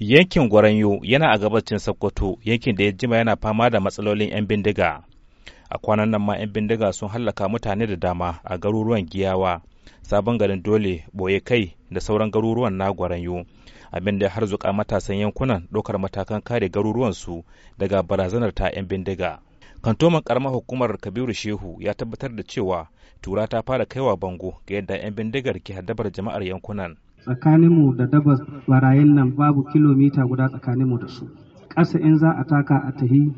yankin gwaranyo yana a gabacin sokoto yankin da ya jima yana fama da matsalolin 'yan bindiga a kwanan nan ma 'yan bindiga sun hallaka mutane da dama a garuruwan giyawa sabon garin dole boye kai da sauran garuruwan na gwaranyo abin da har zuka matasan yankunan ɗaukar matakan kare garuruwansu daga barazanar ta 'yan bindiga kantoman karamar hukumar kabiru shehu ya tabbatar da cewa tura ta fara kaiwa bango ga yadda 'yan bindigar ke haddabar jama'ar yankunan tsakaninmu da daba barayin nan babu kilomita guda tsakaninmu da su ƙasa in za a taka a tahi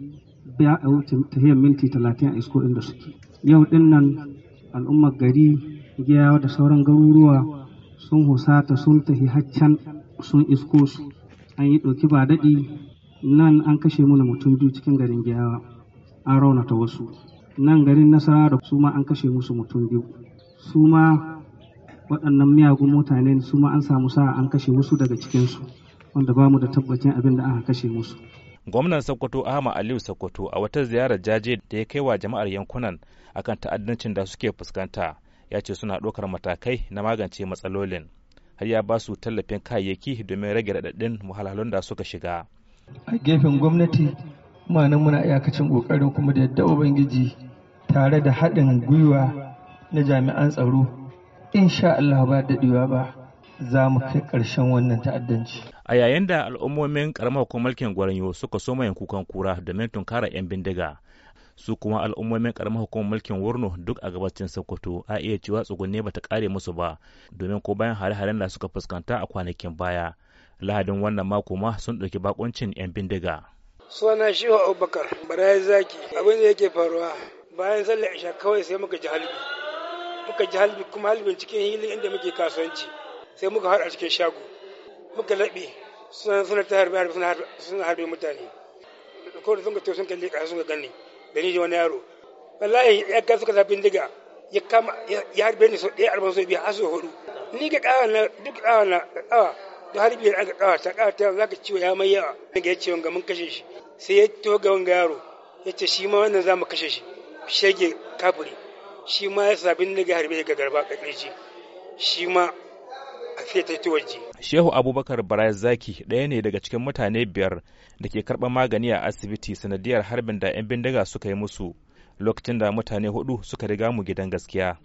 tahiyar minti talatin a isko inda suke yau din nan al'ummar gari giyawa da sauran garuruwa sun husata sun tahi haccan sun isko su an yi ɗauki ba daɗi nan an kashe mana mutum biyu cikin garin giyawa an raunata wasu nan garin nasara da su ma an kashe musu mutum biyu su ma waɗannan miyagun mutane su ma an samu sa'a an kashe wasu daga cikinsu wanda ba mu da tabbacin abin da aka kashe musu. Gwamnan Sokoto Ahmad Aliyu Sokoto a wata ziyarar jaje da ya kai wa jama'ar yankunan akan ta'addancin da suke fuskanta ya ce suna ɗaukar matakai na magance matsalolin har ya ba su tallafin kayayyaki domin rage raɗaɗin wahalhalun da suka shiga. A gefen gwamnati ma'anin muna iyakacin ƙoƙarin kuma da yadda Ubangiji tare da haɗin gwiwa na jami'an tsaro insha Allah ba daɗewa ba za mu kai ƙarshen wannan ta'addanci. A yayin da al'ummomin ƙaramar hukumar mulkin Gwaranyo suka soma yin kukan kura domin tunkara 'yan bindiga. Su kuma al'ummomin ƙaramar hukumar mulkin Wurno duk a gabacin Sokoto a iya cewa tsugunne ba ta ƙare musu ba domin ko bayan hare-haren da suka fuskanta a kwanakin baya. Lahadin wannan mako ma sun ɗauki bakuncin 'yan bindiga. Suna Shehu Abubakar, yi Zaki, abin da yake faruwa bayan sallar isha kawai sai muka ji halibi. muka ji halbi kuma halbin cikin hili inda muke kasuwanci sai muka haɗa cikin shago muka laɓe suna ta harbe harbe suna harbe mutane ko da sun ka to sun kalli ƙasa sun ka gani da ni wani yaro wallahi ya ga suka zafi bindiga ya kama ya harbe ni sau ɗaya arba'in sau biyu a su hudu ni ga ƙawa na duk ƙawa na ƙawa da harbi biyar aka ƙawa ta ƙawa ta za ka ciwo ya mai yawa ga ya ce wanga mun kashe shi sai ya to ga wanga yaro ya ce shi ma wannan za mu kashe shi shege kafuri shi ma ya sabin ga harbe ga garba kakirci shi ma a fetaito waje. Shehu Abubakar Baraya Zaki ɗaya ne daga cikin mutane biyar da ke karɓar magani a asibiti sanadiyar harbin da 'yan bindiga suka yi musu lokacin da mutane hudu suka riga mu gidan gaskiya.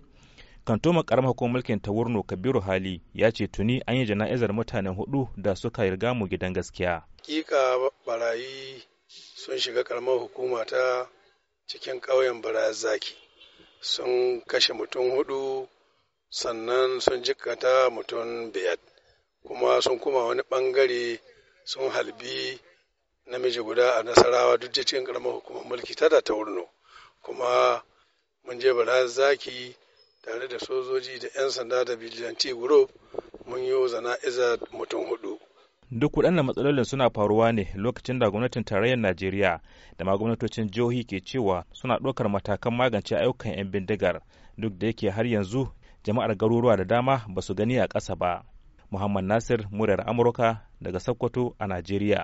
Kantoma karamar hukumar mulkin ta Wurno Kabiru Hali ya ce tuni an yi jana'izar mutane hudu da suka riga mu gidan gaskiya. Kika barayi sun shiga karamar hukuma ta cikin ƙauyen barayar Zaki. sun kashe mutum hudu sannan sun jikata mutum biyar kuma sun kuma wani bangare sun halbi namiji guda a nasarawa duk da cikin karamar hukumar mulki ta da taurino kuma mun je bara zaki tare da sojoji da 'yan sanda da vigilante group mun yi zana iza mutum hudu duk waɗannan matsalolin suna faruwa ne lokacin da gwamnatin tarayyar najeriya da ma gwamnatocin jihohi ke cewa suna ɗaukar matakan magance ayyukan 'yan bindigar duk da yake har yanzu jama'ar garuruwa da dama ba su gani a ƙasa ba muhammad nasir muryar amurka daga sokoto a najeriya